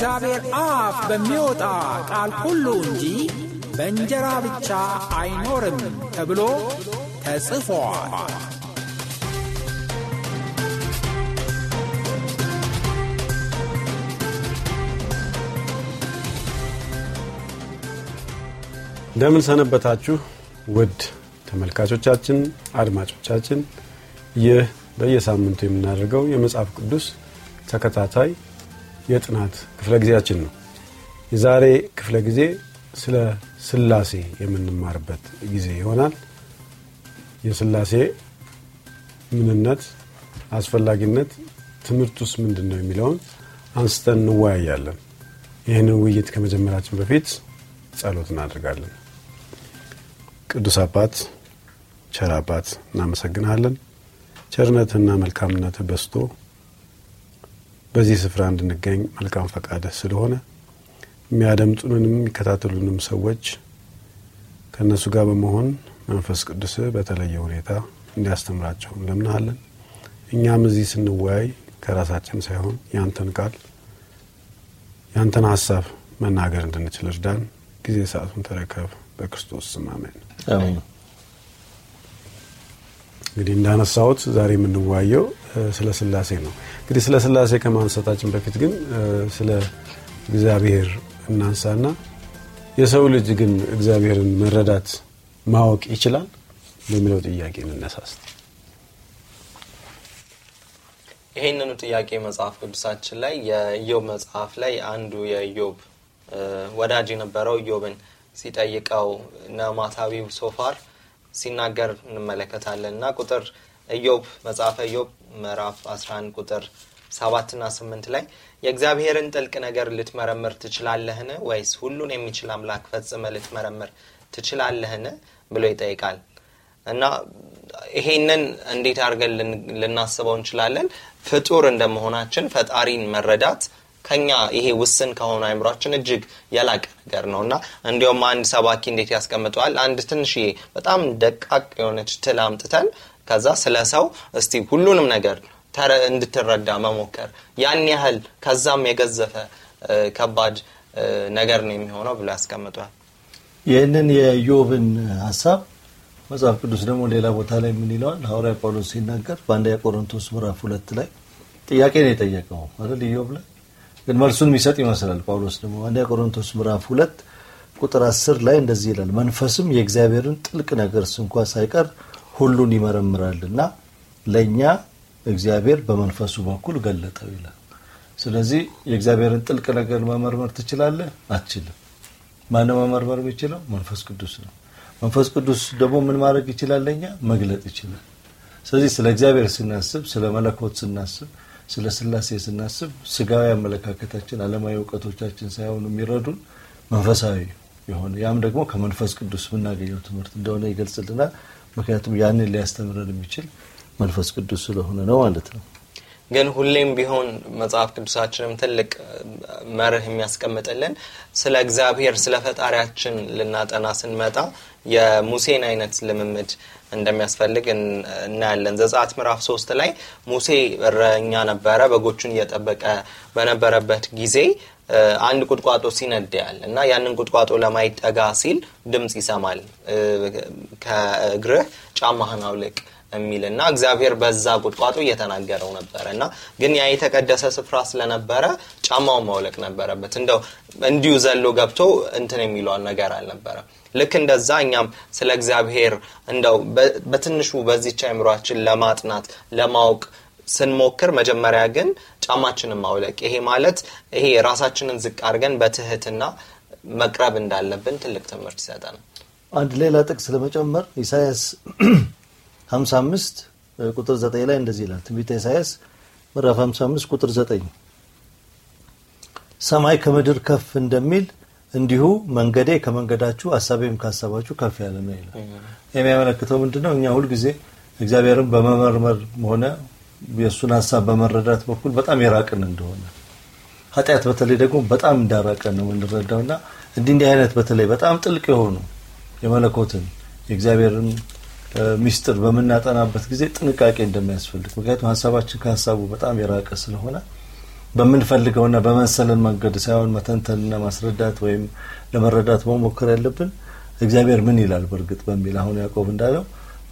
ከእግዚአብሔር አፍ በሚወጣ ቃል ሁሉ እንጂ በእንጀራ ብቻ አይኖርም ተብሎ ተጽፏል። እንደምን ሰነበታችሁ ውድ ተመልካቾቻችን፣ አድማጮቻችን ይህ በየሳምንቱ የምናደርገው የመጽሐፍ ቅዱስ ተከታታይ የጥናት ክፍለ ጊዜያችን ነው። የዛሬ ክፍለ ጊዜ ስለ ስላሴ የምንማርበት ጊዜ ይሆናል። የስላሴ ምንነት፣ አስፈላጊነት፣ ትምህርት ውስጥ ምንድን ነው የሚለውን አንስተን እንወያያለን። ይህንን ውይይት ከመጀመራችን በፊት ጸሎት እናደርጋለን። ቅዱስ አባት፣ ቸር አባት እናመሰግናለን። ቸርነትና መልካምነት በስቶ በዚህ ስፍራ እንድንገኝ መልካም ፈቃደ ስለሆነ የሚያደምጡንም የሚከታተሉንም ሰዎች ከእነሱ ጋር በመሆን መንፈስ ቅዱስ በተለየ ሁኔታ እንዲያስተምራቸው እንለምናሃለን። እኛም እዚህ ስንወያይ ከራሳችን ሳይሆን ያንተን ቃል ያንተን ሀሳብ መናገር እንድንችል እርዳን። ጊዜ ሰአቱን ተረከብ። በክርስቶስ ስም አሜን። እንግዲህ እንዳነሳሁት ዛሬ የምንዋየው ስለ ስላሴ ነው። እንግዲህ ስለ ስላሴ ከማንሳታችን በፊት ግን ስለ እግዚአብሔር እናንሳና የሰው ልጅ ግን እግዚአብሔርን መረዳት ማወቅ ይችላል በሚለው ጥያቄ እንነሳስ። ይህንኑ ጥያቄ መጽሐፍ ቅዱሳችን ላይ የኢዮብ መጽሐፍ ላይ አንዱ የኢዮብ ወዳጅ የነበረው ኢዮብን ሲጠይቀው ነማታዊው ሶፋር ሲናገር እንመለከታለን እና ቁጥር ኢዮብ መጽሐፈ ኢዮብ ምዕራፍ 11 ቁጥር 7ና ና 8 ላይ የእግዚአብሔርን ጥልቅ ነገር ልትመረምር ትችላለህን? ወይስ ሁሉን የሚችል አምላክ ፈጽመ ልትመረምር ትችላለህን? ብሎ ይጠይቃል እና ይሄንን እንዴት አድርገን ልናስበው እንችላለን? ፍጡር እንደመሆናችን ፈጣሪን መረዳት ከኛ ይሄ ውስን ከሆነ አይምሯችን እጅግ የላቀ ነገር ነው እና እንዲሁም አንድ ሰባኪ እንዴት ያስቀምጠዋል? አንድ ትንሽዬ በጣም ደቃቅ የሆነች ትል አምጥተን ከዛ ስለ ሰው እስቲ ሁሉንም ነገር እንድትረዳ መሞከር ያን ያህል ከዛም የገዘፈ ከባድ ነገር ነው የሚሆነው ብሎ ያስቀምጠዋል። ይህንን የዮብን ሀሳብ መጽሐፍ ቅዱስ ደግሞ ሌላ ቦታ ላይ ምን ይለዋል? ሐዋርያ ጳውሎስ ሲናገር በአንደኛ የቆሮንቶስ ምራፍ ሁለት ላይ ጥያቄ ነው የጠየቀው አይደል ኢዮብ ላይ ግን መልሱን የሚሰጥ ይመስላል ጳውሎስ ደግሞ አንደኛ ቆሮንቶስ ምዕራፍ ሁለት ቁጥር አስር ላይ እንደዚህ ይላል መንፈስም የእግዚአብሔርን ጥልቅ ነገር ስንኳ ሳይቀር ሁሉን ይመረምራል እና ለእኛ እግዚአብሔር በመንፈሱ በኩል ገለጠው ይላል። ስለዚህ የእግዚአብሔርን ጥልቅ ነገር መመርመር ትችላለህ? አትችልም። ማነው መመርመር የሚችለው? መንፈስ ቅዱስ ነው። መንፈስ ቅዱስ ደግሞ ምን ማድረግ ይችላል? ለእኛ መግለጥ ይችላል። ስለዚህ ስለ እግዚአብሔር ስናስብ፣ ስለ መለኮት ስናስብ ስለ ስላሴ ስናስብ ስጋዊ አመለካከታችን አለማዊ እውቀቶቻችን ሳይሆኑ የሚረዱን መንፈሳዊ የሆነ ያም ደግሞ ከመንፈስ ቅዱስ የምናገኘው ትምህርት እንደሆነ ይገልጽልናል። ምክንያቱም ያንን ሊያስተምረን የሚችል መንፈስ ቅዱስ ስለሆነ ነው ማለት ነው። ግን ሁሌም ቢሆን መጽሐፍ ቅዱሳችንም ትልቅ መርህ የሚያስቀምጥልን ስለ እግዚአብሔር ስለ ፈጣሪያችን ልናጠና ስንመጣ የሙሴን አይነት ልምምድ እንደሚያስፈልግ እናያለን። ዘጻት ምዕራፍ ሶስት ላይ ሙሴ እረኛ ነበረ፣ በጎቹን እየጠበቀ በነበረበት ጊዜ አንድ ቁጥቋጦ ሲነድያል እና ያንን ቁጥቋጦ ለማይጠጋ ሲል ድምፅ ይሰማል ከእግርህ ጫማህን አውልቅ የሚል እና እግዚአብሔር በዛ ቁጥቋጦ እየተናገረው ነበረ እና ግን ያ የተቀደሰ ስፍራ ስለነበረ ጫማውን ማውለቅ ነበረበት። እንደው እንዲሁ ዘሎ ገብቶ እንትን የሚለዋል ነገር አልነበረም። ልክ እንደዛ እኛም ስለ እግዚአብሔር እንደው በትንሹ በዚች አእምሯችን ለማጥናት ለማወቅ ስንሞክር መጀመሪያ ግን ጫማችንን ማውለቅ ይሄ ማለት ይሄ ራሳችንን ዝቅ አድርገን በትህትና መቅረብ እንዳለብን ትልቅ ትምህርት ይሰጠን። አንድ ሌላ ጥቅስ ለመጨመር ኢሳያስ 55 ቁጥር 9 ላይ እንደዚህ ይላል። ትንቢተ ኢሳያስ ምዕራፍ 55 ቁጥር 9 ሰማይ ከምድር ከፍ እንደሚል እንዲሁ መንገዴ ከመንገዳችሁ አሳቤም ከሀሳባችሁ ከፍ ያለ ነው ይላል። የሚያመለክተው ምንድነው? እኛ ሁልጊዜ እግዚአብሔርን በመመርመር ሆነ የእሱን ሀሳብ በመረዳት በኩል በጣም የራቅን እንደሆነ ኃጢአት በተለይ ደግሞ በጣም እንዳራቀን ነው የምንረዳውና እንዲህ እንዲህ አይነት በተለይ በጣም ጥልቅ የሆኑ የመለኮትን የእግዚአብሔርን ሚስጥር በምናጠናበት ጊዜ ጥንቃቄ እንደሚያስፈልግ ምክንያቱም ሀሳባችን ከሀሳቡ በጣም የራቀ ስለሆነ በምንፈልገውና በመሰለን መንገድ ሳይሆን መተንተንና ማስረዳት ወይም ለመረዳት መሞከር ያለብን እግዚአብሔር ምን ይላል በእርግጥ በሚል አሁን ያዕቆብ እንዳለው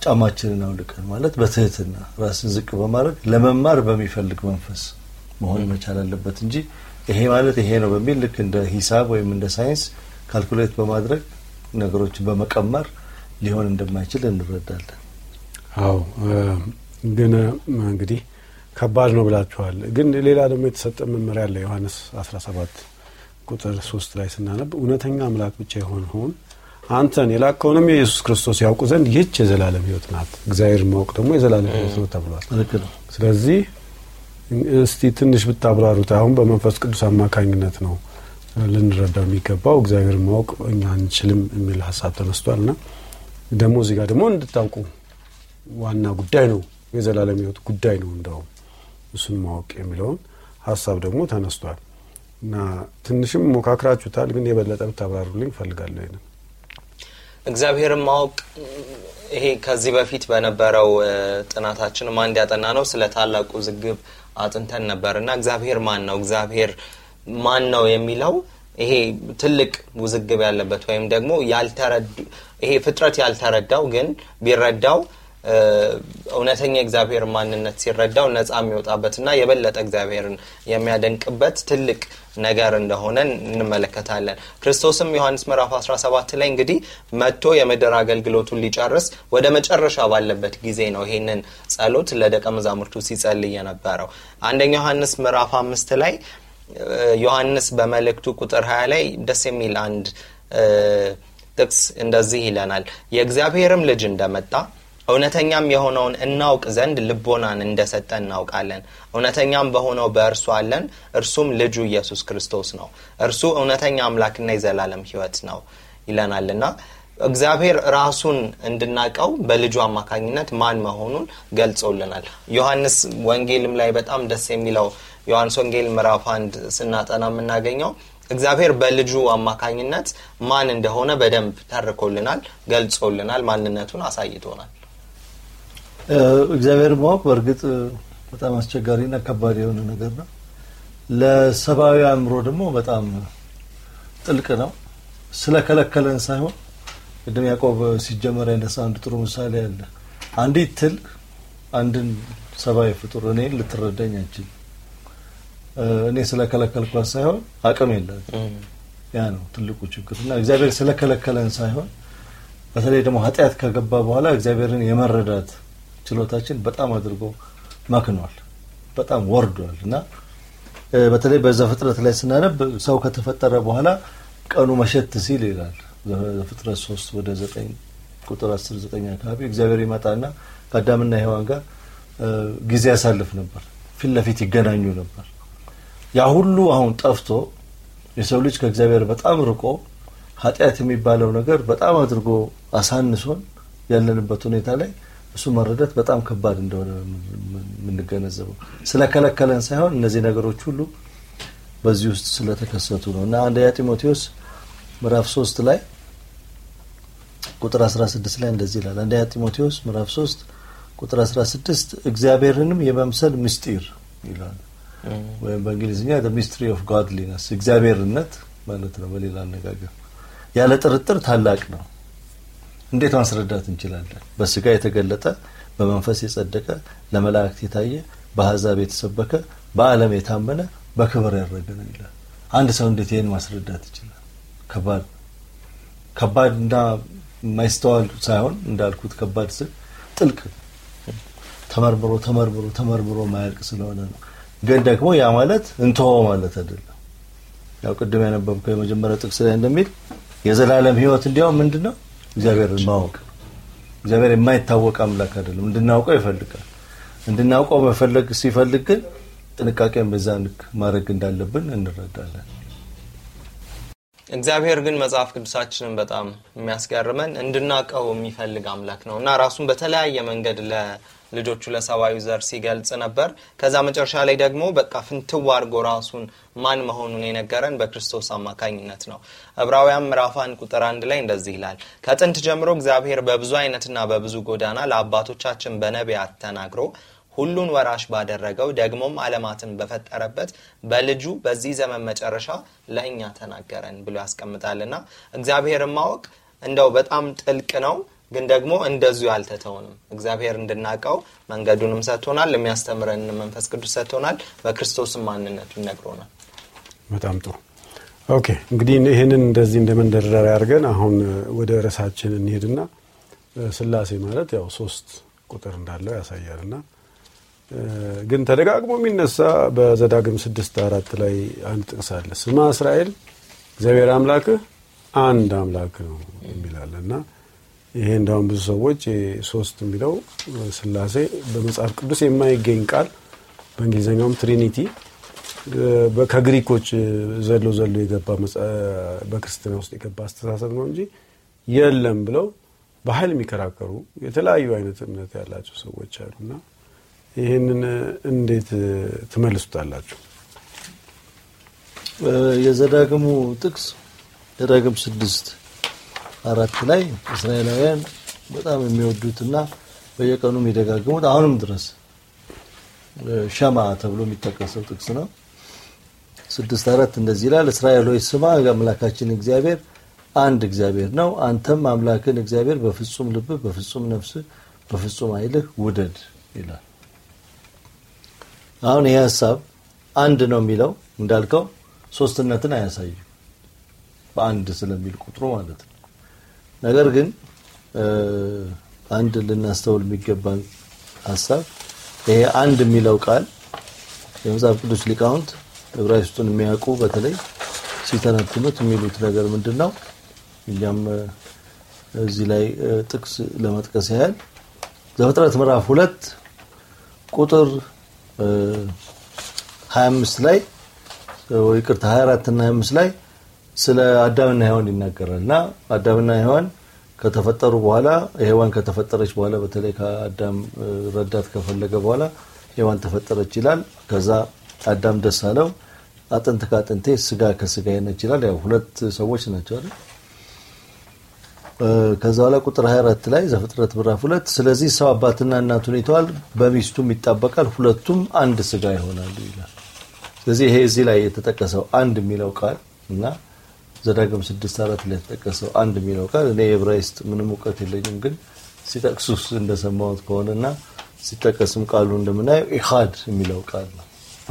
ጫማችንን አውልቀን ማለት በትህትና ራስን ዝቅ በማድረግ ለመማር በሚፈልግ መንፈስ መሆን መቻል አለበት እንጂ ይሄ ማለት ይሄ ነው በሚል ልክ እንደ ሂሳብ ወይም እንደ ሳይንስ ካልኩሌት በማድረግ ነገሮችን በመቀመር ሊሆን እንደማይችል እንረዳለን። አዎ ግን እንግዲህ ከባድ ነው ብላችኋል። ግን ሌላ ደግሞ የተሰጠ መመሪያ አለ። ዮሐንስ 17 ቁጥር 3 ላይ ስናነብ እውነተኛ አምላክ ብቻ ሆን አንተን የላከውንም የኢየሱስ ክርስቶስ ያውቁ ዘንድ ይህች የዘላለም ህይወት ናት። እግዚአብሔር ማወቅ ደግሞ የዘላለም ህይወት ነው ተብሏል። ስለዚህ እስቲ ትንሽ ብታብራሩት። አሁን በመንፈስ ቅዱስ አማካኝነት ነው ልንረዳው የሚገባው። እግዚአብሔር ማወቅ እኛ አንችልም የሚል ሀሳብ ተነስቷል ና ደግሞ እዚህ ጋር ደግሞ እንድታውቁ ዋና ጉዳይ ነው የዘላለም ህይወት ጉዳይ ነው እንደውም እሱን ማወቅ የሚለውን ሀሳብ ደግሞ ተነስቷል እና ትንሽም ሞካክራችሁታል፣ ግን የበለጠ ብታብራሩልኝ እፈልጋለሁ። ይ እግዚአብሔርን ማወቅ ይሄ ከዚህ በፊት በነበረው ጥናታችንም አንድ ያጠና ነው ስለ ታላቁ ዝግብ አጥንተን ነበር እና እግዚአብሔር ማን ነው እግዚአብሔር ማን ነው የሚለው ይሄ ትልቅ ውዝግብ ያለበት ወይም ደግሞ ይሄ ፍጥረት ያልተረዳው ግን ቢረዳው እውነተኛ የእግዚአብሔር ማንነት ሲረዳው ነጻ የሚወጣበትና የበለጠ እግዚአብሔርን የሚያደንቅበት ትልቅ ነገር እንደሆነ እንመለከታለን። ክርስቶስም ዮሐንስ ምዕራፍ 17 ላይ እንግዲህ መጥቶ የምድር አገልግሎቱን ሊጨርስ ወደ መጨረሻ ባለበት ጊዜ ነው ይሄንን ጸሎት ለደቀ መዛሙርቱ ሲጸልይ የነበረው። አንደኛ ዮሐንስ ምዕራፍ አምስት ላይ ዮሐንስ በመልእክቱ ቁጥር 20 ላይ ደስ የሚል አንድ ጥቅስ እንደዚህ ይለናል። የእግዚአብሔርም ልጅ እንደመጣ እውነተኛም የሆነውን እናውቅ ዘንድ ልቦናን እንደሰጠ እናውቃለን። እውነተኛም በሆነው በእርሱ አለን፣ እርሱም ልጁ ኢየሱስ ክርስቶስ ነው። እርሱ እውነተኛ አምላክና የዘላለም ሕይወት ነው ይለናልና እግዚአብሔር ራሱን እንድናቀው በልጁ አማካኝነት ማን መሆኑን ገልጾልናል። ዮሐንስ ወንጌልም ላይ በጣም ደስ የሚለው ዮሐንስ ወንጌል ምዕራፍ አንድ ስናጠና የምናገኘው እግዚአብሔር በልጁ አማካኝነት ማን እንደሆነ በደንብ ተርኮልናል፣ ገልጾልናል፣ ማንነቱን አሳይቶናል። እግዚአብሔር ማወቅ በእርግጥ በጣም አስቸጋሪ እና ከባድ የሆነ ነገር ነው። ለሰብአዊ አእምሮ ደግሞ በጣም ጥልቅ ነው። ስለከለከለን ሳይሆን ቅድም ያዕቆብ ሲጀመር ያነሳ አንድ ጥሩ ምሳሌ አለ። አንዲት ትል አንድን ሰብአዊ ፍጡር እኔ ልትረዳኝ አችል እኔ ስለከለከልኳት ሳይሆን አቅም የላት ያ ነው ትልቁ ችግር እና እግዚአብሔር ስለከለከለን ሳይሆን በተለይ ደግሞ ኃጢአት ከገባ በኋላ እግዚአብሔርን የመረዳት ችሎታችን በጣም አድርጎ መክኗል፣ በጣም ወርዷል እና በተለይ በዛ ፍጥረት ላይ ስናነብ ሰው ከተፈጠረ በኋላ ቀኑ መሸት ሲል ይላል ፍጥረት ሶስት ወደ ዘጠኝ ቁጥር አስር ዘጠኝ አካባቢ እግዚአብሔር ይመጣና ከአዳምና ሔዋን ጋር ጊዜ ያሳልፍ ነበር፣ ፊት ለፊት ይገናኙ ነበር። ያ ሁሉ አሁን ጠፍቶ የሰው ልጅ ከእግዚአብሔር በጣም ርቆ ኃጢአት የሚባለው ነገር በጣም አድርጎ አሳንሶን ያለንበት ሁኔታ ላይ እሱ መረዳት በጣም ከባድ እንደሆነ የምንገነዘበው ስለከለከለን ሳይሆን እነዚህ ነገሮች ሁሉ በዚህ ውስጥ ስለተከሰቱ ነው እና አንደኛ ጢሞቴዎስ ምዕራፍ 3 ላይ ቁጥር 16 ላይ እንደዚህ ይላል። አንደኛ ጢሞቴዎስ ምዕራፍ 3 ቁጥር 16 እግዚአብሔርንም የመምሰል ምስጢር ይላል፣ ወይም በእንግሊዝኛ the mystery of godliness እግዚአብሔርነት ማለት ነው። በሌላ አነጋገር ያለ ጥርጥር ታላቅ ነው እንዴት ማስረዳት እንችላለን? በስጋ የተገለጠ በመንፈስ የጸደቀ ለመላእክት የታየ በአሕዛብ የተሰበከ በዓለም የታመነ በክብር ያረገ ነው ይላል። አንድ ሰው እንዴት ይህን ማስረዳት ይችላል? ከባድ እና የማይስተዋል ሳይሆን እንዳልኩት ከባድ ስል ጥልቅ ተመርምሮ ተመርምሮ ተመርምሮ ማያልቅ ስለሆነ ነው። ግን ደግሞ ያ ማለት እንትሆ ማለት አይደለም። ያው ቅድም ያነበብከው የመጀመሪያው ጥቅስ ላይ እንደሚል የዘላለም ሕይወት እንዲያውም ምንድን ነው እግዚአብሔርን ማወቅ እግዚአብሔር የማይታወቅ አምላክ አይደለም። እንድናውቀው ይፈልጋል። እንድናውቀው መፈለግ ሲፈልግ ግን ጥንቃቄን በዛ ልክ ማድረግ እንዳለብን እንረዳለን። እግዚአብሔር ግን መጽሐፍ ቅዱሳችንን በጣም የሚያስገርመን እንድናውቀው የሚፈልግ አምላክ ነው እና ራሱን በተለያየ መንገድ ልጆቹ ለሰብአዊ ዘር ሲገልጽ ነበር። ከዛ መጨረሻ ላይ ደግሞ በቃ ፍንትው አድርጎ ራሱን ማን መሆኑን የነገረን በክርስቶስ አማካኝነት ነው። ዕብራውያን ምዕራፍ አንድ ቁጥር አንድ ላይ እንደዚህ ይላል፣ ከጥንት ጀምሮ እግዚአብሔር በብዙ አይነትና በብዙ ጎዳና ለአባቶቻችን በነቢያት ተናግሮ ሁሉን ወራሽ ባደረገው ደግሞም ዓለማትን በፈጠረበት በልጁ በዚህ ዘመን መጨረሻ ለእኛ ተናገረን ብሎ ያስቀምጣልና እግዚአብሔርን ማወቅ እንደው በጣም ጥልቅ ነው። ግን ደግሞ እንደዚሁ አልተተውንም። እግዚአብሔር እንድናውቀው መንገዱንም ሰጥቶናል። የሚያስተምረን መንፈስ ቅዱስ ሰጥቶናል። በክርስቶስም ማንነቱ ይነግሮናል። በጣም ጥሩ። ኦኬ እንግዲህ ይህንን እንደዚህ እንደ አድርገን አሁን ወደ ረሳችን እንሄድና ስላሴ ማለት ያው ሶስት ቁጥር እንዳለው ያሳያል ና ግን ተደጋግሞ የሚነሳ በዘዳግም ስድስት አራት ላይ አንድ ጥቅስ አለ። ስማ እስራኤል እግዚአብሔር አምላክህ አንድ አምላክ ነው የሚላል እና ይሄ እንዳሁን ብዙ ሰዎች ሶስት የሚለው ስላሴ በመጽሐፍ ቅዱስ የማይገኝ ቃል በእንግሊዝኛውም ትሪኒቲ ከግሪኮች ዘሎ ዘሎ የገባ በክርስትና ውስጥ የገባ አስተሳሰብ ነው እንጂ የለም ብለው በኃይል የሚከራከሩ የተለያዩ አይነት እምነት ያላቸው ሰዎች አሉና ይህንን እንዴት ትመልሱታላችሁ? የዘዳግሙ ጥቅስ ዘዳግም ስድስት አራት ላይ እስራኤላውያን በጣም የሚወዱትና በየቀኑ የሚደጋግሙት አሁንም ድረስ ሸማ ተብሎ የሚጠቀሰው ጥቅስ ነው። ስድስት አራት እንደዚህ ይላል፣ እስራኤል ሆይ ስማ፣ አምላካችን እግዚአብሔር አንድ እግዚአብሔር ነው። አንተም አምላክን እግዚአብሔር በፍጹም ልብ በፍጹም ነፍስ በፍጹም ኃይልህ ውደድ ይላል። አሁን ይህ ሀሳብ አንድ ነው የሚለው እንዳልከው ሶስትነትን አያሳይም፣ በአንድ ስለሚል ቁጥሩ ማለት ነው። ነገር ግን አንድ ልናስተውል የሚገባን ሀሳብ ይሄ አንድ የሚለው ቃል የመጽሐፍ ቅዱስ ሊቃውንት ዕብራይስጡን የሚያውቁ በተለይ ሲተነትኑት የሚሉት ነገር ምንድን ነው? እኛም እዚህ ላይ ጥቅስ ለመጥቀስ ያህል ዘፍጥረት ምዕራፍ ሁለት ቁጥር 25 ላይ ወይ ይቅርታ 24 እና 25 ላይ ስለ አዳምና ሔዋን ይናገራል እና አዳምና ሔዋን ከተፈጠሩ በኋላ ሔዋን ከተፈጠረች በኋላ በተለይ ከአዳም ረዳት ከፈለገ በኋላ ሔዋን ተፈጠረች ይላል። ከዛ አዳም ደስ አለው። አጥንት ከአጥንቴ ስጋ ከስጋ ነች ይላል። ያው ሁለት ሰዎች ናቸው አይደል? ከዛ በኋላ ቁጥር 24 ላይ ዘፍጥረት ምዕራፍ ሁለት ስለዚህ ሰው አባትና እናቱን ይተዋል፣ በሚስቱም ይጣበቃል፣ ሁለቱም አንድ ስጋ ይሆናሉ ይላል። ስለዚህ ይሄ እዚህ ላይ የተጠቀሰው አንድ የሚለው ቃል እና ዘዳግም ስድስት አራት ላይ የተጠቀሰው አንድ የሚለው ቃል እኔ የዕብራይስጥ ምንም እውቀት የለኝም፣ ግን ሲጠቅሱ እንደሰማሁት ከሆነና ሲጠቀስም ቃሉ እንደምናየው ኢሃድ የሚለው ቃል ነው።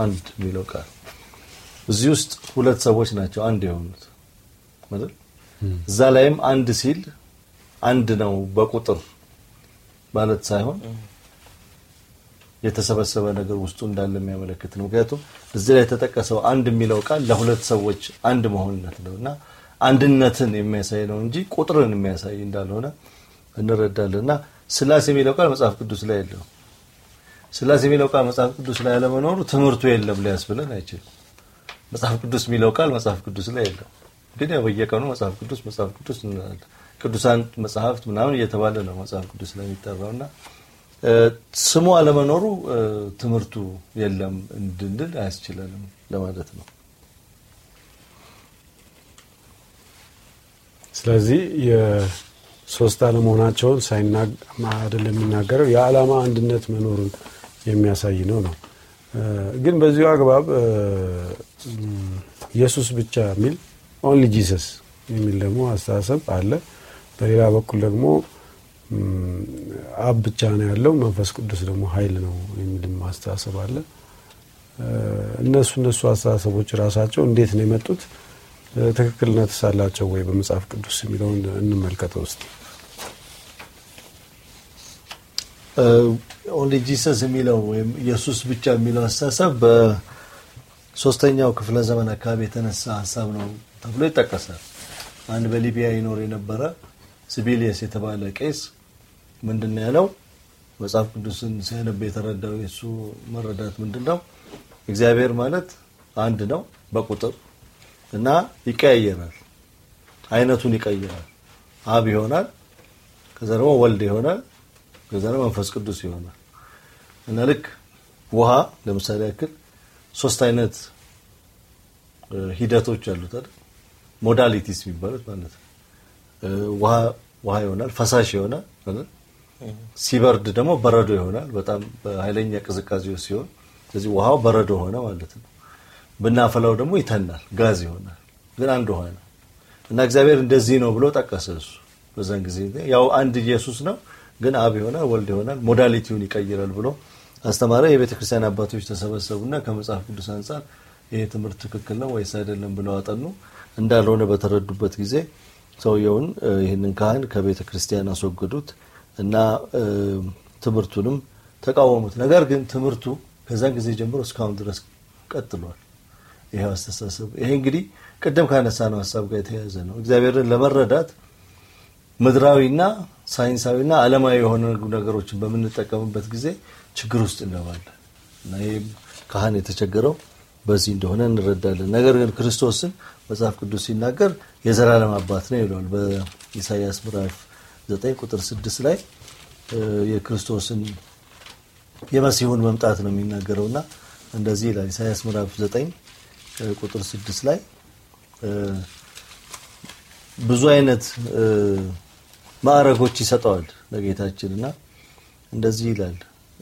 አንድ የሚለው ቃል እዚህ ውስጥ ሁለት ሰዎች ናቸው አንድ የሆኑት ማለት እዛ ላይም አንድ ሲል አንድ ነው በቁጥር ማለት ሳይሆን የተሰበሰበ ነገር ውስጡ እንዳለ የሚያመለክት ነው። ምክንያቱም እዚህ ላይ የተጠቀሰው አንድ የሚለው ቃል ለሁለት ሰዎች አንድ መሆንነት ነው እና አንድነትን የሚያሳይ ነው እንጂ ቁጥርን የሚያሳይ እንዳልሆነ እንረዳለን እና ስላሴ የሚለው ቃል መጽሐፍ ቅዱስ ላይ የለም። ስላሴ የሚለው ቃል መጽሐፍ ቅዱስ ላይ ያለመኖሩ ትምህርቱ የለም ሊያስብለን አይችልም። መጽሐፍ ቅዱስ የሚለው ቃል መጽሐፍ ቅዱስ ላይ የለውም። ግን ያው በየቀኑ መጽሐፍ ቅዱስ መጽሐፍ ቅዱስ እንላለን። ቅዱሳን መጽሐፍት ምናምን እየተባለ ነው መጽሐፍ ቅዱስ ላይ እና ስሙ አለመኖሩ ትምህርቱ የለም እንድንል አያስችለንም ለማለት ነው። ስለዚህ የሶስት አለመሆናቸውን አይደለም የሚናገረው የዓላማ አንድነት መኖሩን የሚያሳይ ነው ነው። ግን በዚሁ አግባብ ኢየሱስ ብቻ የሚል ኦንሊ ጂሰስ የሚል ደግሞ አስተሳሰብ አለ። በሌላ በኩል ደግሞ አብ ብቻ ነው ያለው፣ መንፈስ ቅዱስ ደግሞ ኃይል ነው የሚልም አስተሳሰብ አለ። እነሱ እነሱ አስተሳሰቦች ራሳቸው እንዴት ነው የመጡት? ትክክልነት ሳላቸው ወይ በመጽሐፍ ቅዱስ የሚለውን እንመልከተው ውስጥ ኦንሊ ጂሰስ የሚለው ወይም ኢየሱስ ብቻ የሚለው አስተሳሰብ በሶስተኛው ክፍለ ዘመን አካባቢ የተነሳ ሀሳብ ነው ተብሎ ይጠቀሳል። አንድ በሊቢያ ይኖር የነበረ ሲቢሊየስ የተባለ ቄስ ምንድን ያለው? መጽሐፍ ቅዱስን ሲያነብ የተረዳው የእሱ መረዳት ምንድን ነው? እግዚአብሔር ማለት አንድ ነው በቁጥር እና ይቀያየራል፣ አይነቱን ይቀይራል። አብ ይሆናል፣ ከዛ ደግሞ ወልድ ይሆናል፣ ከዛ ደግሞ መንፈስ ቅዱስ ይሆናል እና ልክ ውሃ ለምሳሌ ያክል ሶስት አይነት ሂደቶች አሉት አይደል? ሞዳሊቲስ የሚባሉት ማለት ነው። ውሃ ይሆናል፣ ፈሳሽ ይሆናል ሲበርድ ደግሞ በረዶ ይሆናል። በጣም በኃይለኛ ቅዝቃዜው ሲሆን ስለዚህ ውሃው በረዶ ሆነ ማለት ነው። ብናፈላው ደግሞ ይተናል፣ ጋዝ ይሆናል። ግን አንድ ውሃ ነው እና እግዚአብሔር እንደዚህ ነው ብሎ ጠቀሰ። እሱ በዛን ጊዜ ያው አንድ ኢየሱስ ነው፣ ግን አብ ይሆናል፣ ወልድ ይሆናል፣ ሞዳሊቲውን ይቀይራል ብሎ አስተማረ። የቤተ ክርስቲያን አባቶች ተሰበሰቡና ከመጽሐፍ ቅዱስ አንጻር ይሄ ትምህርት ትክክል ነው ወይስ አይደለም ብለው አጠኑ። እንዳልሆነ በተረዱበት ጊዜ ሰውየውን ይህንን ካህን ከቤተ ክርስቲያን አስወገዱት። እና ትምህርቱንም ተቃወሙት። ነገር ግን ትምህርቱ ከዛን ጊዜ ጀምሮ እስካሁን ድረስ ቀጥሏል። ይሄ አስተሳሰብ ይሄ እንግዲህ ቅድም ካነሳ ነው ሀሳብ ጋር የተያያዘ ነው። እግዚአብሔርን ለመረዳት ምድራዊና ሳይንሳዊና ዓለማዊ የሆነ ነገሮችን በምንጠቀምበት ጊዜ ችግር ውስጥ እንገባለን እና ይህም ካህን የተቸገረው በዚህ እንደሆነ እንረዳለን። ነገር ግን ክርስቶስን መጽሐፍ ቅዱስ ሲናገር የዘላለም አባት ነው ይለዋል በኢሳያስ ምዕራፍ ዘጠኝ ቁጥር ስድስት ላይ የክርስቶስን የመሲሁን መምጣት ነው የሚናገረው እና እንደዚህ ይላል ኢሳያስ ምዕራፍ ዘጠኝ ቁጥር ስድስት ላይ ብዙ አይነት ማዕረጎች ይሰጠዋል ለጌታችን እና እንደዚህ ይላል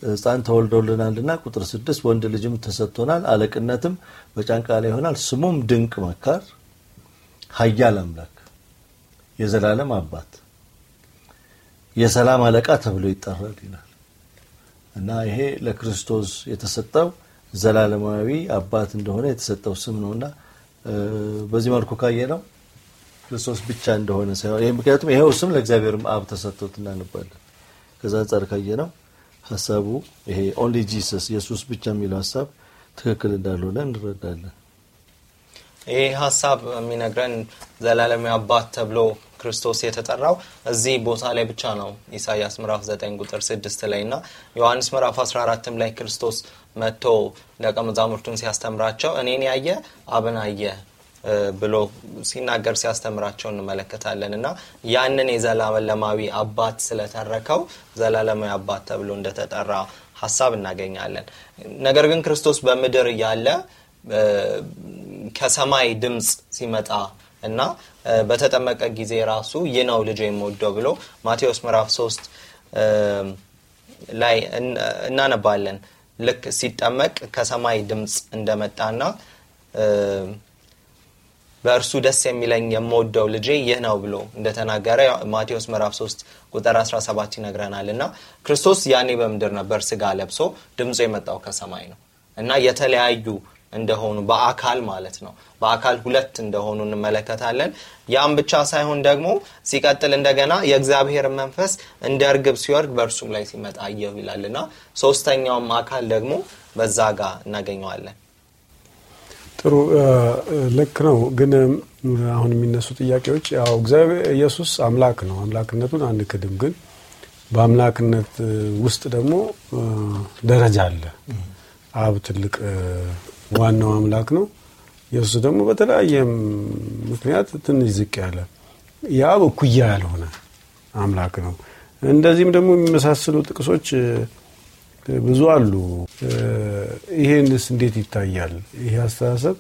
ተወልዶልናል ተወልዶልናልና ቁጥር ስድስት ወንድ ልጅም ተሰጥቶናል፣ አለቅነትም በጫንቃ ላይ ይሆናል። ስሙም ድንቅ መካር፣ ኃያል አምላክ፣ የዘላለም አባት የሰላም አለቃ ተብሎ ይጠራል ይላል እና ይሄ ለክርስቶስ የተሰጠው ዘላለማዊ አባት እንደሆነ የተሰጠው ስም ነውና በዚህ መልኩ ካየ ነው ክርስቶስ ብቻ እንደሆነ ሳይሆን ይሄ ምክንያቱም ይሄው ስም ለእግዚአብሔር አብ ተሰጥቶት እናነባለን። ከዛ አንጻር ካየ ነው ሀሳቡ ይሄ ኦንሊ ጂሰስ ኢየሱስ ብቻ የሚለው ሀሳብ ትክክል እንዳልሆነ እንረዳለን። ይህ ሀሳብ የሚነግረን ዘላለማዊ አባት ተብሎ ክርስቶስ የተጠራው እዚህ ቦታ ላይ ብቻ ነው። ኢሳያስ ምራፍ 9 ቁጥር 6 ላይ እና ዮሐንስ ምራፍ 14ም ላይ ክርስቶስ መጥቶ ደቀ መዛሙርቱን ሲያስተምራቸው እኔን ያየ አብን አየ ብሎ ሲናገር ሲያስተምራቸው እንመለከታለን እና ያንን የዘላለማዊ አባት ስለተረከው ዘላለማዊ አባት ተብሎ እንደተጠራ ሀሳብ እናገኛለን። ነገር ግን ክርስቶስ በምድር እያለ ከሰማይ ድምፅ ሲመጣ እና በተጠመቀ ጊዜ ራሱ ይህ ነው ልጅ የምወደው ብሎ ማቴዎስ ምዕራፍ 3 ላይ እናነባለን። ልክ ሲጠመቅ ከሰማይ ድምፅ እንደመጣና በእርሱ ደስ የሚለኝ የምወደው ልጄ ይህ ነው ብሎ እንደተናገረ ማቴዎስ ምዕራፍ 3 ቁጥር 17 ይነግረናል። እና ክርስቶስ ያኔ በምድር ነበር ስጋ ለብሶ ድምፁ የመጣው ከሰማይ ነው እና የተለያዩ እንደሆኑ በአካል ማለት ነው በአካል ሁለት እንደሆኑ እንመለከታለን። ያም ብቻ ሳይሆን ደግሞ ሲቀጥል እንደገና የእግዚአብሔር መንፈስ እንደ እርግብ ሲወርድ በእርሱም ላይ ሲመጣ አየሁ ና ሶስተኛውም አካል ደግሞ በዛ ጋር እናገኘዋለን። ጥሩ ልክ ነው። ግን አሁን የሚነሱ ጥያቄዎች ያው እግዚአብሔር ኢየሱስ አምላክ ነው፣ አምላክነቱን ክድም ግን በአምላክነት ውስጥ ደግሞ ደረጃ አለ። አብ ትልቅ ዋናው አምላክ ነው። የእሱ ደግሞ በተለያየ ምክንያት ትንሽ ዝቅ ያለ ያ እኩያ ያልሆነ አምላክ ነው። እንደዚህም ደግሞ የሚመሳሰሉ ጥቅሶች ብዙ አሉ። ይሄንስ እንዴት ይታያል? ይህ አስተሳሰብ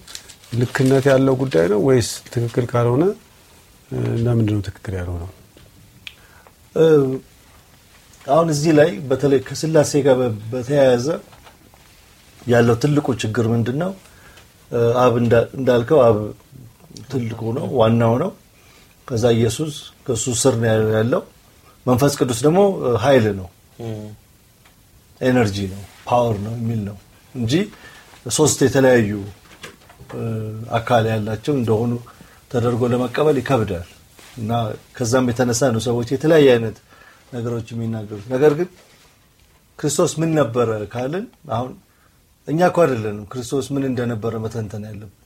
ልክነት ያለው ጉዳይ ነው ወይስ ትክክል ካልሆነ ለምንድን ነው ትክክል ያልሆነው? አሁን እዚህ ላይ በተለይ ከስላሴ ጋር በተያያዘ ያለው ትልቁ ችግር ምንድን ነው? አብ እንዳልከው አብ ትልቁ ነው፣ ዋናው ነው። ከዛ ኢየሱስ ከሱ ስር ነው ያለው። መንፈስ ቅዱስ ደግሞ ኃይል ነው፣ ኤነርጂ ነው፣ ፓወር ነው የሚል ነው እንጂ ሶስት የተለያዩ አካል ያላቸው እንደሆኑ ተደርጎ ለመቀበል ይከብዳል። እና ከዛም የተነሳ ነው ሰዎች የተለያየ አይነት ነገሮች የሚናገሩት። ነገር ግን ክርስቶስ ምን ነበረ ካልን አሁን እኛ እኮ አይደለንም ክርስቶስ ምን እንደነበረ መተንተን ያለብን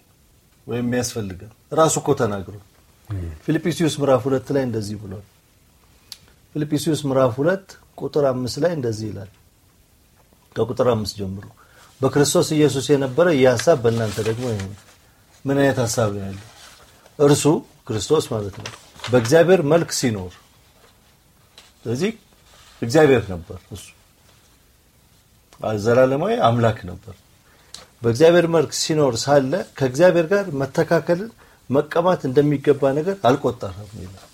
ወይም የሚያስፈልገን። ራሱ እኮ ተናግሮ ፊልጵስዩስ ምዕራፍ ሁለት ላይ እንደዚህ ብሏል። ፊልጵስዩስ ምዕራፍ ሁለት ቁጥር አምስት ላይ እንደዚህ ይላል። ከቁጥር አምስት ጀምሮ በክርስቶስ ኢየሱስ የነበረ ይህ ሀሳብ በእናንተ ደግሞ ይሆነ። ምን አይነት ሀሳብ ነው ያለው? እርሱ ክርስቶስ ማለት ነው በእግዚአብሔር መልክ ሲኖር። ስለዚህ እግዚአብሔር ነበር እሱ ዘላለማዊ አምላክ ነበር። በእግዚአብሔር መልክ ሲኖር ሳለ ከእግዚአብሔር ጋር መተካከልን መቀማት እንደሚገባ ነገር አልቆጠረም ይላል።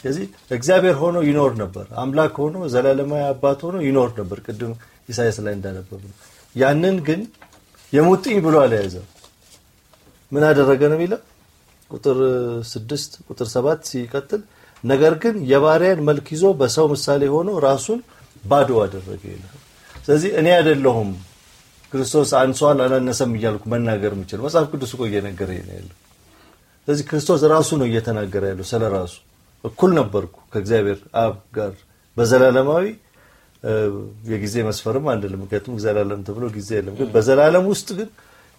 ስለዚህ እግዚአብሔር ሆኖ ይኖር ነበር፣ አምላክ ሆኖ ዘላለማዊ አባት ሆኖ ይኖር ነበር። ቅድም ኢሳያስ ላይ እንዳነበብ ነው። ያንን ግን የሙጥኝ ብሎ አልያዘም። ምን አደረገ ነው የሚለው ቁጥር ስድስት ቁጥር ሰባት ሲቀጥል ነገር ግን የባሪያን መልክ ይዞ በሰው ምሳሌ ሆኖ ራሱን ባዶ አደረገ ይላል። ስለዚህ እኔ አይደለሁም ክርስቶስ አንሷል አላነሰም እያልኩ መናገር የምችል መጽሐፍ ቅዱስ እኮ እየነገረኝ ነው ያለው። ስለዚህ ክርስቶስ ራሱ ነው እየተናገረ ያለው ስለ ራሱ። እኩል ነበርኩ ከእግዚአብሔር አብ ጋር በዘላለማዊ የጊዜ መስፈርም አንልም፣ ምክንያቱም ዘላለም ተብሎ ጊዜ የለም። ግን በዘላለም ውስጥ ግን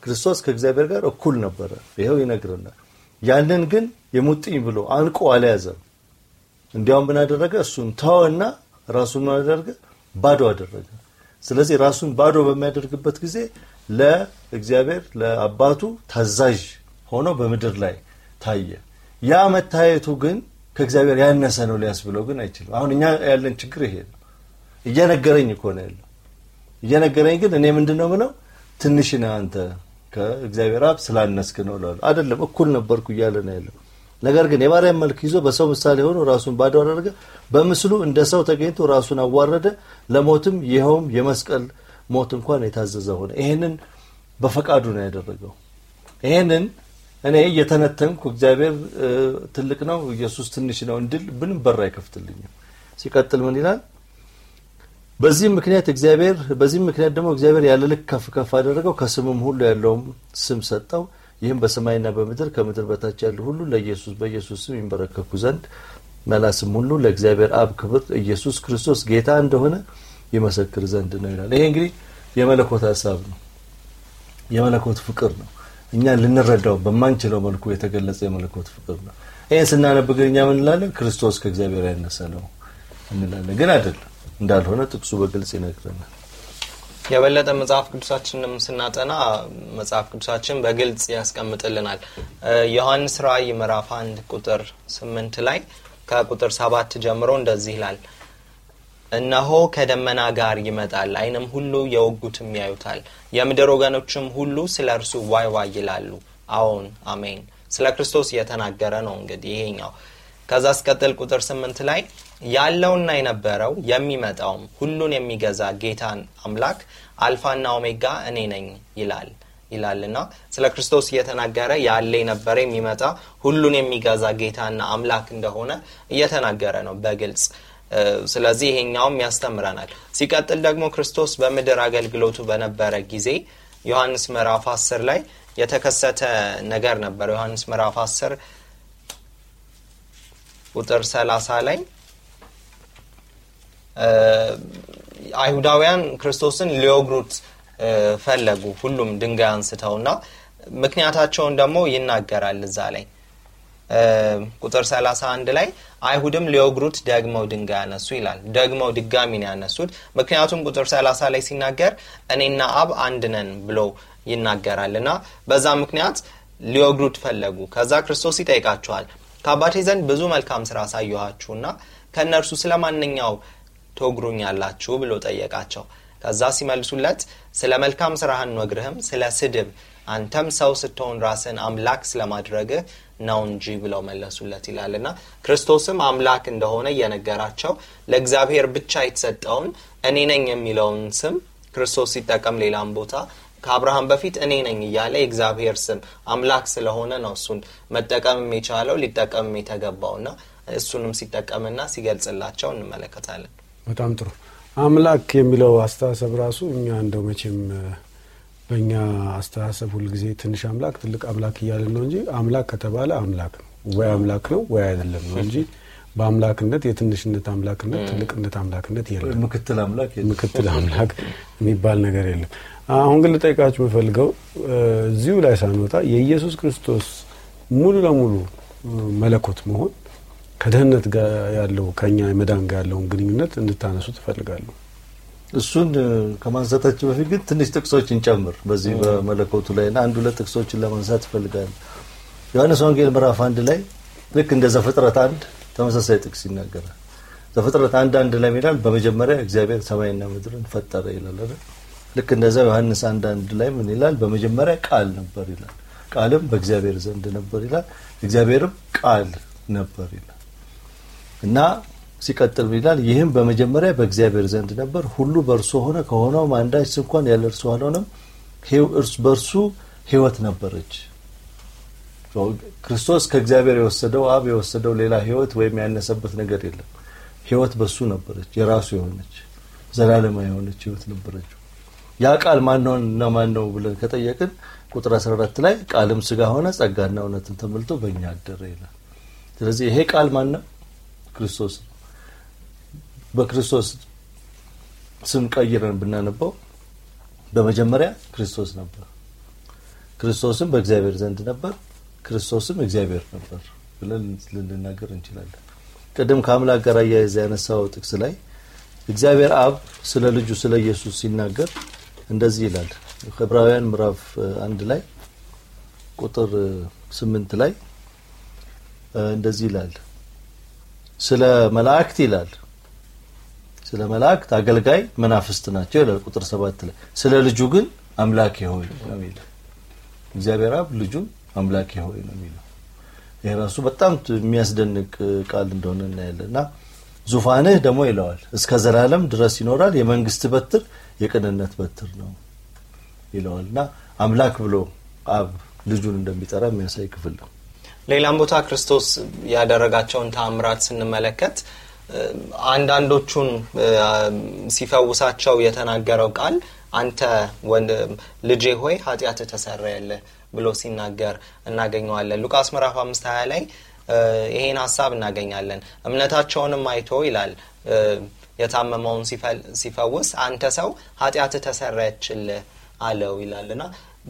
ክርስቶስ ከእግዚአብሔር ጋር እኩል ነበረ፣ ይኸው ይነግረናል። ያንን ግን የሙጥኝ ብሎ አንቆ አልያዘም። እንዲያውም ምን አደረገ? እሱን ተወና ራሱን ምን አደረገ? ባዶ አደረገ። ስለዚህ ራሱን ባዶ በሚያደርግበት ጊዜ ለእግዚአብሔር ለአባቱ ታዛዥ ሆኖ በምድር ላይ ታየ። ያ መታየቱ ግን ከእግዚአብሔር ያነሰ ነው ሊያስብለው ግን አይችልም። አሁን እኛ ያለን ችግር ይሄ ነው። እየነገረኝ እኮ ነው ያለው። እየነገረኝ ግን እኔ ምንድን ነው ምለው ትንሽ ነህ አንተ ከእግዚአብሔር አብ ስላነስክ ነው ለ አደለም እኩል ነበርኩ እያለ ነው ያለው። ነገር ግን የባሪያን መልክ ይዞ በሰው ምሳሌ ሆኖ ራሱን ባዶ አደረገ፣ በምስሉ እንደ ሰው ተገኝቶ ራሱን አዋረደ፣ ለሞትም ይኸውም የመስቀል ሞት እንኳን የታዘዘ ሆነ። ይህንን በፈቃዱ ነው ያደረገው። ይህንን እኔ እየተነተንኩ እግዚአብሔር ትልቅ ነው ኢየሱስ ትንሽ ነው እንድል ብንም በር አይከፍትልኝም። ሲቀጥል ምን ይላል? በዚህም ምክንያት እግዚአብሔር በዚህም ምክንያት ደግሞ እግዚአብሔር ያለ ልክ ከፍ ከፍ አደረገው፣ ከስምም ሁሉ ያለውም ስም ሰጠው ይህም በሰማይና በምድር ከምድር በታች ያሉ ሁሉ ለኢየሱስ በኢየሱስ ስም ይንበረከኩ ዘንድ መላስም ሁሉ ለእግዚአብሔር አብ ክብር ኢየሱስ ክርስቶስ ጌታ እንደሆነ ይመሰክር ዘንድ ነው ይላል። ይሄ እንግዲህ የመለኮት ሀሳብ ነው፣ የመለኮት ፍቅር ነው። እኛ ልንረዳው በማንችለው መልኩ የተገለጸ የመለኮት ፍቅር ነው። ይህን ስናነብ ግን እኛ ምን እንላለን? ክርስቶስ ከእግዚአብሔር ያነሰ ነው እንላለን። ግን አይደለም፣ እንዳልሆነ ጥቅሱ በግልጽ ይነግረናል። የበለጠ መጽሐፍ ቅዱሳችንም ስናጠና መጽሐፍ ቅዱሳችን በግልጽ ያስቀምጥልናል። ዮሐንስ ራእይ ምዕራፍ አንድ ቁጥር ስምንት ላይ ከቁጥር ሰባት ጀምሮ እንደዚህ ይላል፣ እነሆ ከደመና ጋር ይመጣል፣ አይንም ሁሉ የወጉትም ያዩታል፣ የምድር ወገኖችም ሁሉ ስለ እርሱ ዋይ ዋይ ይላሉ። አዎን አሜን። ስለ ክርስቶስ እየተናገረ ነው። እንግዲህ ይሄኛው ከዛ አስቀጥል ቁጥር ስምንት ላይ ያለውና የነበረው የሚመጣውም ሁሉን የሚገዛ ጌታን አምላክ አልፋና ኦሜጋ እኔ ነኝ ይላል ይላልና ስለ ክርስቶስ እየተናገረ ያለ የነበረ የሚመጣ ሁሉን የሚገዛ ጌታና አምላክ እንደሆነ እየተናገረ ነው በግልጽ። ስለዚህ ይሄኛውም ያስተምረናል። ሲቀጥል ደግሞ ክርስቶስ በምድር አገልግሎቱ በነበረ ጊዜ ዮሐንስ ምዕራፍ 10 ላይ የተከሰተ ነገር ነበር። ዮሐንስ ምዕራፍ 10 ቁጥር 30 ላይ አይሁዳውያን ክርስቶስን ሊወግሩት ፈለጉ። ሁሉም ድንጋይ አንስተውና ምክንያታቸውን ደግሞ ይናገራል እዛ ላይ ቁጥር 31 ላይ አይሁድም ሊወግሩት ደግመው ድንጋይ ያነሱ ይላል። ደግመው ድጋሚ ነው ያነሱት። ምክንያቱም ቁጥር 30 ላይ ሲናገር እኔና አብ አንድ ነን ብሎ ይናገራል እና በዛ ምክንያት ሊወግሩት ፈለጉ። ከዛ ክርስቶስ ይጠይቃቸዋል ከአባቴ ዘንድ ብዙ መልካም ስራ ሳየኋችሁና ከእነርሱ ስለማንኛው ትወግሩኛላችሁ ብሎ ጠየቃቸው። ከዛ ሲመልሱለት ስለ መልካም ስራህ አንወግርህም፣ ስለ ስድብ አንተም ሰው ስትሆን ራስን አምላክ ስለማድረግህ ነው እንጂ ብለው መለሱለት ይላል ና ክርስቶስም አምላክ እንደሆነ እየነገራቸው ለእግዚአብሔር ብቻ የተሰጠውን እኔ ነኝ የሚለውን ስም ክርስቶስ ሲጠቀም ሌላም ቦታ ከአብርሃም በፊት እኔ ነኝ እያለ የእግዚአብሔር ስም አምላክ ስለሆነ ነው እሱን መጠቀምም የቻለው ሊጠቀምም ና እሱንም ሲጠቀምና ሲገልጽላቸው እንመለከታለን። በጣም ጥሩ አምላክ የሚለው አስተሳሰብ ራሱ እኛ እንደው መቼም በእኛ አስተሳሰብ ሁልጊዜ ትንሽ አምላክ ትልቅ አምላክ እያለን ነው እንጂ አምላክ ከተባለ አምላክ ነው ወይ አምላክ ነው ወይ አይደለም ነው እንጂ በአምላክነት የትንሽነት አምላክነት ትልቅነት አምላክነት የለም። ምክትል አምላክ የሚባል ነገር የለም። አሁን ግን ልጠይቃችሁ የምፈልገው እዚሁ ላይ ሳንወጣ የኢየሱስ ክርስቶስ ሙሉ ለሙሉ መለኮት መሆን ከደህንነት ጋር ያለው ከኛ የመዳን ጋር ያለውን ግንኙነት እንድታነሱ ትፈልጋሉ። እሱን ከማንሳታችን በፊት ግን ትንሽ ጥቅሶችን ጨምር በዚህ በመለኮቱ ላይ እና አንድ ሁለት ጥቅሶችን ለማንሳት እፈልጋለሁ። ዮሐንስ ወንጌል ምዕራፍ አንድ ላይ ልክ እንደ ዘፍጥረት አንድ ተመሳሳይ ጥቅስ ይናገራል። ዘፍጥረት አንድ አንድ ላይ ይላል በመጀመሪያ እግዚአብሔር ሰማይና ምድርን ፈጠረ ይላል አይደል? ልክ እንደዛ ዮሐንስ አንድ አንድ ላይ ምን ይላል? በመጀመሪያ ቃል ነበር ይላል። ቃልም በእግዚአብሔር ዘንድ ነበር ይላል። እግዚአብሔርም ቃል ነበር ይላል። እና ሲቀጥል ይላል ይህም በመጀመሪያ በእግዚአብሔር ዘንድ ነበር፣ ሁሉ በእርሱ ሆነ፣ ከሆነውም አንዳች እንኳን ያለ እርሱ አልሆነም። በእርሱ ህይወት ነበረች። ክርስቶስ ከእግዚአብሔር የወሰደው አብ የወሰደው ሌላ ህይወት ወይም ያነሰበት ነገር የለም። ህይወት በሱ ነበረች፣ የራሱ የሆነች ዘላለማ የሆነች ህይወት ነበረች። ያ ቃል ማንነውን እና ማን ነው ብለን ከጠየቅን ቁጥር 14 ላይ ቃልም ስጋ ሆነ ጸጋና እውነትን ተሞልቶ በእኛ አደረ ይላል። ስለዚህ ይሄ ቃል ማን ነው? ክርስቶስ ነው። በክርስቶስ ስም ቀይረን ብናነበው በመጀመሪያ ክርስቶስ ነበር፣ ክርስቶስም በእግዚአብሔር ዘንድ ነበር፣ ክርስቶስም እግዚአብሔር ነበር ብለን ልንናገር እንችላለን። ቅድም ከአምላክ ጋር አያይዘ ያነሳው ጥቅስ ላይ እግዚአብሔር አብ ስለ ልጁ ስለ ኢየሱስ ሲናገር እንደዚህ ይላል። ዕብራውያን ምዕራፍ አንድ ላይ ቁጥር ስምንት ላይ እንደዚህ ይላል ስለ መላእክት ይላል ስለ መላእክት አገልጋይ መናፍስት ናቸው ይላል ቁጥር ሰባት ላይ ስለ ልጁ ግን አምላክ ሆይ ነው እግዚአብሔር አብ ልጁ አምላክ ሆይ ነው የሚለው ይሄ ራሱ በጣም የሚያስደንቅ ቃል እንደሆነ እናያለንና ዙፋንህ ደግሞ ይለዋል እስከ ዘላለም ድረስ ይኖራል የመንግስት በትር የቅንነት በትር ነው ይለዋልና አምላክ ብሎ አብ ልጁን እንደሚጠራ የሚያሳይ ክፍል ነው ሌላም ቦታ ክርስቶስ ያደረጋቸውን ተአምራት ስንመለከት አንዳንዶቹን ሲፈውሳቸው የተናገረው ቃል አንተ ልጄ ሆይ ኃጢአት ተሰረየልህ ብሎ ሲናገር እናገኘዋለን። ሉቃስ ምዕራፍ አምስት ሀያ ላይ ይሄን ሀሳብ እናገኛለን። እምነታቸውንም አይቶ ይላል የታመመውን ሲፈውስ አንተ ሰው ኃጢአት ተሰረየችልህ አለው ይላልና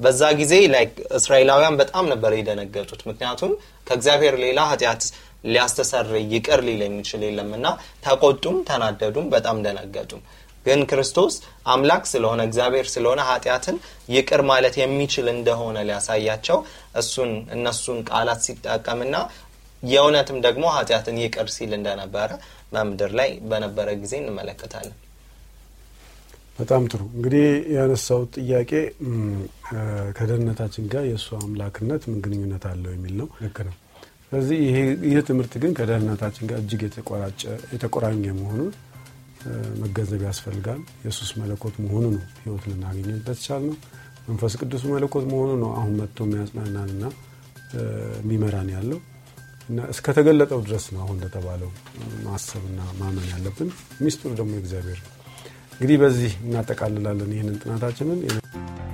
በዛ ጊዜ ላይክ እስራኤላውያን በጣም ነበር የደነገጡት። ምክንያቱም ከእግዚአብሔር ሌላ ኃጢአት ሊያስተሰር ይቅር ሊል የሚችል የለም ና ተቆጡም፣ ተናደዱም፣ በጣም ደነገጡም። ግን ክርስቶስ አምላክ ስለሆነ እግዚአብሔር ስለሆነ ኃጢአትን ይቅር ማለት የሚችል እንደሆነ ሊያሳያቸው እሱን እነሱን ቃላት ሲጠቀምና የእውነትም ደግሞ ኃጢአትን ይቅር ሲል እንደነበረ በምድር ላይ በነበረ ጊዜ እንመለከታለን። በጣም ጥሩ እንግዲህ ያነሳው ጥያቄ ከደህንነታችን ጋር የእሱ አምላክነት ምን ግንኙነት አለው የሚል ነው። ልክ ነው። ስለዚህ ይህ ትምህርት ግን ከደህንነታችን ጋር እጅግ የተቆራኘ መሆኑን መገንዘብ ያስፈልጋል። የሱስ መለኮት መሆኑ ነው ህይወት ልናገኝበት ቻል ነው። መንፈስ ቅዱስ መለኮት መሆኑ ነው አሁን መጥቶ የሚያጽናናንና የሚመራን ያለው እና እስከተገለጠው ድረስ ነው አሁን እንደተባለው ማሰብና ማመን ያለብን። ሚስጥሩ ደግሞ እግዚአብሔር ነው። እንግዲህ በዚህ እናጠቃልላለን ይህንን ጥናታችንን።